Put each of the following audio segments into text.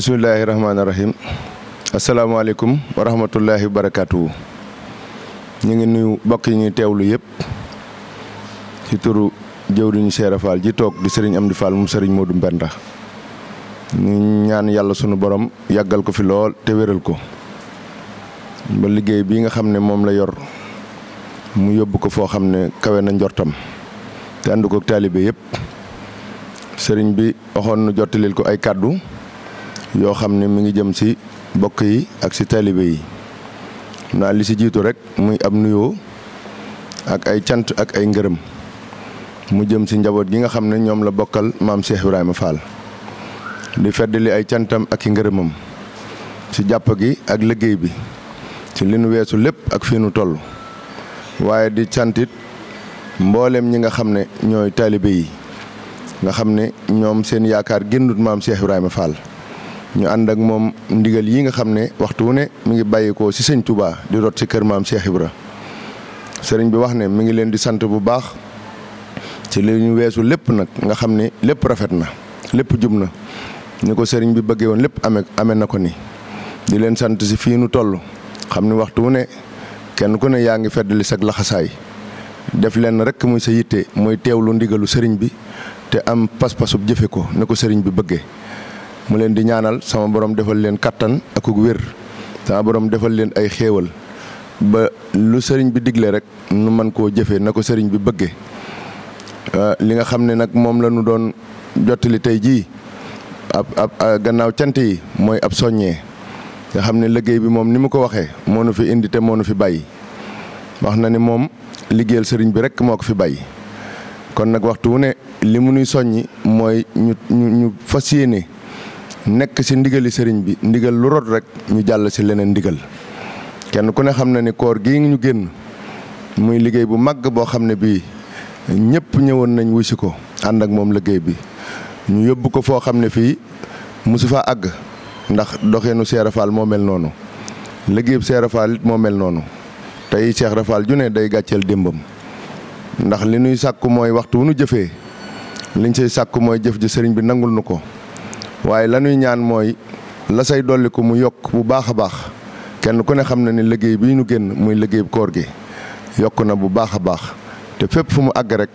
bisimilahi rahmaani rahim asalaamaaleykum wa rahmatullahi wa barakaatu. ñu ngi nuyu mbokk yi ñuy teewlu yëpp ci turu jëwriñu Seera Fall ji toog di sëriñ Amdi Fall mu sëriñ Modou Mbenda. ñu ñaan yàlla sunu borom yàggal ko fi lool te wéral ko ba liggéey bi nga xam ne moom la yor mu yóbbu ko foo xam ne kawe na njortam te ànd ko taalibe yëpp sëriñ bi waxoon nu jottalil ko ay kàddu yoo xam ne mi ngi jëm ci bokk yi ak si taalibe yi naa li ci jiitu rek muy ab nuyoo ak ay cant ak ay ngërëm mu jëm ci njaboot gi nga xam ne ñoom la bokkal maam Cheikh Ibrahima Fall di feddali ay cantam ak i ngërëmam ci jàpp gi ak liggéey bi ci li nu weesu lépp ak fii nu toll waaye di cantit mboolem ñi nga xam ne ñooy taalibe yi nga xam ne ñoom seen yaakaar génnut maam Cheikh Ibrahima Fall ñu ànd ak moom ndigal yi nga xam ne waxtu wu ne mu ngi bàyyikoo ci sëñ Touba di rot ci kër maam Cheikh ra sëriñ bi wax ne mi ngi leen di sant bu baax ci li ñu weesu lépp nag nga xam ne lépp rafet na lépp jub na ni ko sëriñ bi bëggee woon lépp amee amee na ko ni di leen sant ci fii nu toll xam ne waxtu wu ne kenn ku ne yaa ngi li sag laxasaay def leen rek muy sa yitte mooy teewlu ndigalu sëriñ bi te am pas-pasub jëfe ko ni ko sëriñ bi bëggee. mu leen di ñaanal sama boroom defal leen kàttan ak wér sama borom defal leen ay xéewal ba lu sëriñ bi digle rek nu mën koo jëfee na ko sëriñ bi bëgge li nga xam ne nag moom la ñu doon jottali tey jii ab ab gannaaw cant yi mooy ab soññee nga xam ne liggéey bi moom ni mu ko waxee moo nu fi indi te moo nu fi bàyyi wax na ni moom liggéeyal sëriñ bi rek moo ko fi bàyyi kon nag waxtu wu ne li mu nuy soññi mooy ñu ñu fas yéene nekk ci ndigali sëriñ bi ndigal lu rot rek ñu jàll ci leneen ndigal kenn ku ne xam na ni koor gii ñu génn muy liggéey bu màgg boo xam ne bii ñëpp ñëwoon nañ si ko ànd ak moom liggéey bi ñu yóbbu ko foo xam ne fii mu mosu faa àgg ndax doxeenu Cheikh Rafaal moo mel noonu liggéeyub Cheikh Rafaal it moo mel noonu tey Cheikh Rafaal ju ne day gàcceel démbam ndax li nuy sàkku mooy waxtu wu nu jëfee liñ say sàkku mooy jëf ji sëriñ bi nangul nu ko waaye lanuy ñaan mooy la say dolli ko mu yokk bu baax a baax kenn ku ne xam na ni liggéey bi ñu génn muy liggéey koor gi yokk na bu baax a baax te fépp fu mu àgg rek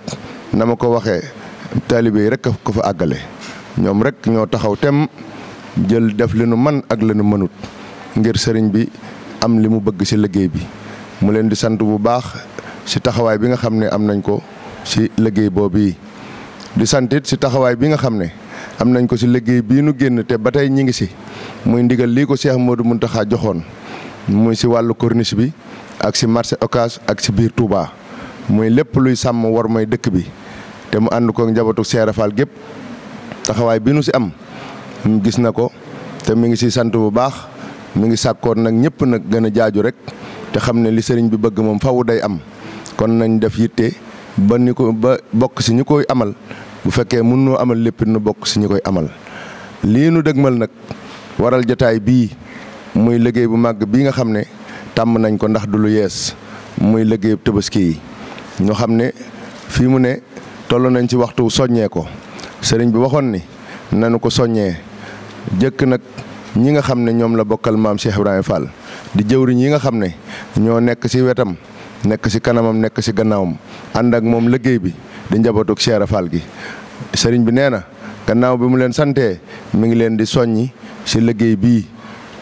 na ma ko waxee taalibe yi rek ko fa àggale ñoom rek ñoo taxaw tem jël def li nu man ak li nu mënut ngir sëriñ bi am li mu bëgg si liggéey bi mu leen di sant bu baax si taxawaay bi nga xam ne am nañ ko si liggéey boobu yi di sant si taxawaay bi nga xam ne am nañ ko si liggéey bii nu génn te ba tey ñi ngi si muy ndigal lii ko Cheikh Modou Mountakha joxoon muy si wàllu corniche bi ak si marché Ocass ak si biir Touba muy lépp luy sàmm war mooy dëkk bi te mu ànd ko njabootu Cheikh Fall gépp taxawaay bii nu si am gis na ko te mu ngi si sant bu baax mu ngi sàkkoon nag ñëpp nag gën a jaaju rek te xam ne li sëriñ bi bëgg moom fawu day am kon nañ def yitte ba ni ko ba bokk si ñu koy amal bu fekkee mën noo amal lépp nu bokk si ñu koy amal lii nu dëgmal nag waral jataay bii muy liggéey bu màgg bii nga xam ne tàmm nañ ko ndax du lu yees muy liggéey tabaski yi ñu xam ne fii mu ne toll nañ ci waxtu soññee ko sëriñ bi waxoon ni nanu ko soññee jëkk nag ñi nga xam ne ñoom la bokkal maam Cheikh Ibrahima Fall di jëwriñ yi nga xam ne ñoo nekk ci wetam nekk ci kanamam nekk ci gannaawam ànd ak moom liggéey bi di njabootug Cheikh Fall gi sëriñ bi nee na gannaaw bi mu leen santee mu ngi leen di soññ si liggéey bii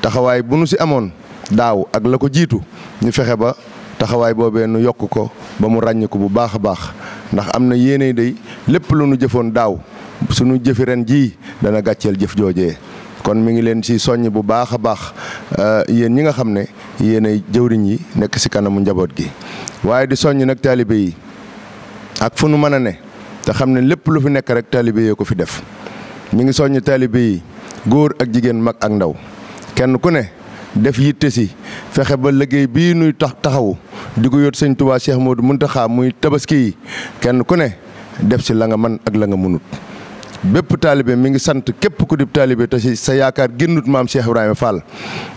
taxawaay bu nu si amoon daaw ak la ko jiitu ñu fexe ba taxawaay boobee nu yokk ko ba mu ràññ ko bu baax a baax ndax am na yéene day lépp lu nu jëfoon daaw suñu jëfi ren jii dana gàcceel jëf joojee kon mi ngi leen si soññ bu baax a baax euh, yéen ñi nga xam ne yéen ay jëwriñ yi nekk si kanamu njaboot gi waaye di soññ nag taalibe yi ak fu nu mën a ne te xam ne lépp lu fi nekk rek taalibe yee ko fi def mi ngi soññ taalibe yi góor ak jigéen mag ak ndaw kenn ku ne def yitte si fexe ba liggéey bii nuy tax taxawu di ko yóot sëñ Tuubaa Cheikh Modou Mountakha muy tabaski yi kenn ku ne def si la nga man ak la nga mënut bépp taalibe mi ngi sant képp ku di taalibe te si sa yaakaar génnut maam Cheikh Ibrahima Fall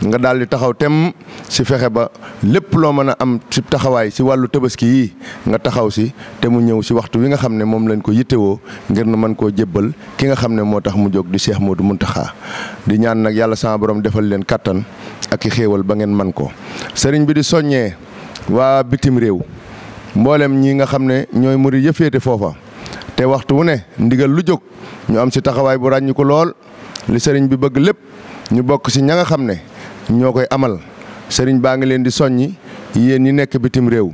nga daal di taxaw tem si fexe ba lépp loo mën a am si taxawaay si wàllu tabaski yi nga taxaw si te mu ñëw si waxtu wi nga xam ne moom lañ ko yittewoo ngir na mën koo jébbal ki nga xam ne moo tax mu jóg di Cheikh mun Mountakha di ñaan nag yàlla sama borom defal leen kattan ak i xéewal ba ngeen man ko sëriñ bi di soññee waa bitim réew mboolem ñii nga xam ne ñooy murid yëfeete foofa. te waxtu wu ne ndigal lu jóg ñu am si taxawaay bu ràññiku lool li sëriñ bi bëgg lépp ñu bokk si ña nga xam ne ñoo koy amal sëriñ baa ngi leen di soññi yéen ñi nekk bitim réew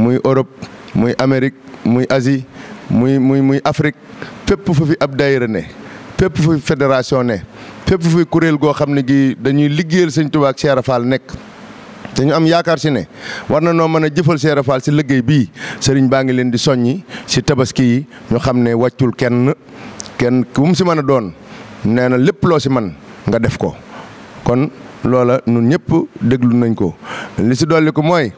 muy Europe muy Amérique muy asi muy muy muy Afrique fépp fu fi ab daayira ne fépp fu fi fédération ne pépp fu fi kuréel goo xam ne gi dañuy liggéeyal sëñ Tuubaa ak nekk te ñu am yaakaar si ne war na noo mën a jëfal Cheikh Fall si liggéey bii sëriñ baa ngi leen di soññi si tabaski yi ñu xam ne wàccul kenn kenn ku mu si mën a doon nee na lépp loo si man nga def ko kon loola ñun ñëpp déglu nañ ko li si dolli ko mooy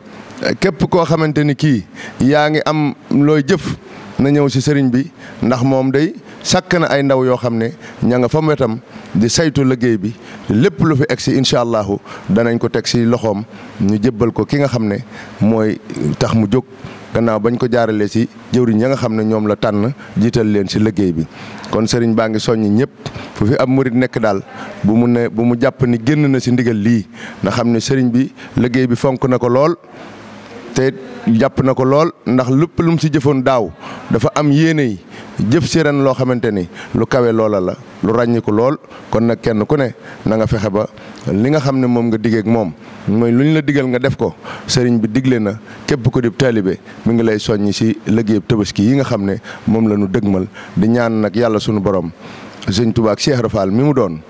képp koo xamante ni kii yaa ngi am looy jëf na ñëw si sëriñ bi ndax moom day sàkk na ay ndaw yoo xam ne ña nga fa mu wetam di saytu liggéey bi lépp lu fi egg si incha allahu danañ ko teg si loxoom ñu jëbbal ko ki nga xam ne mooy tax mu jóg gannaaw bañ ko jaaralee si jëwriñ ya nga xam ne ñoom la tànn jiital leen si liggéey bi. kon sëriñ baa ngi soññ ñëpp fu fi ab murit nekk daal bu mu ne bu mu jàpp ni génn na si ndigal lii nga xam ne sëriñ bi liggéey bi fonk na ko lool. te jàpp na ko lool ndax lépp lu mu si jëfoon daaw dafa am yéene yi jëf si ren loo xamante ni lu kawe loola la lu ràññiku lool kon nag kenn ku ne na nga fexe ba li nga xam ne moom nga diggeek moom mooy lu ñu la digal nga def ko sëriñ bi digle na képp ko di taalibe mu ngi lay soññ si liggéeyub tabaski yi nga xam ne moom la ñu dëgmal di ñaan nag yàlla sunu borom. sëñ Tuubaa ak Cheikh Rafaal mi mu doon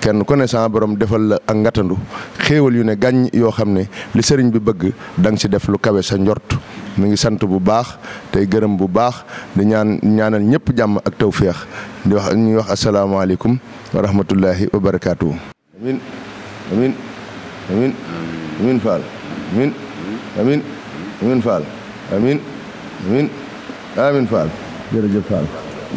kenn ku ne sa borom defal la ak ngatandu xéewal yu ne gàññ yoo xam ne li sëriñ bi bëgg da si def lu kawe sa njort. mi ngi sant bu baax tey gërëm bu baax di ñaanal ñëpp jàmm ak tawféex di wax ñuy wax asalaamaaleykum wa rahmatullahi wa barakaatu. amin amin amin amin faal amin amin amin faal amin amin amin faal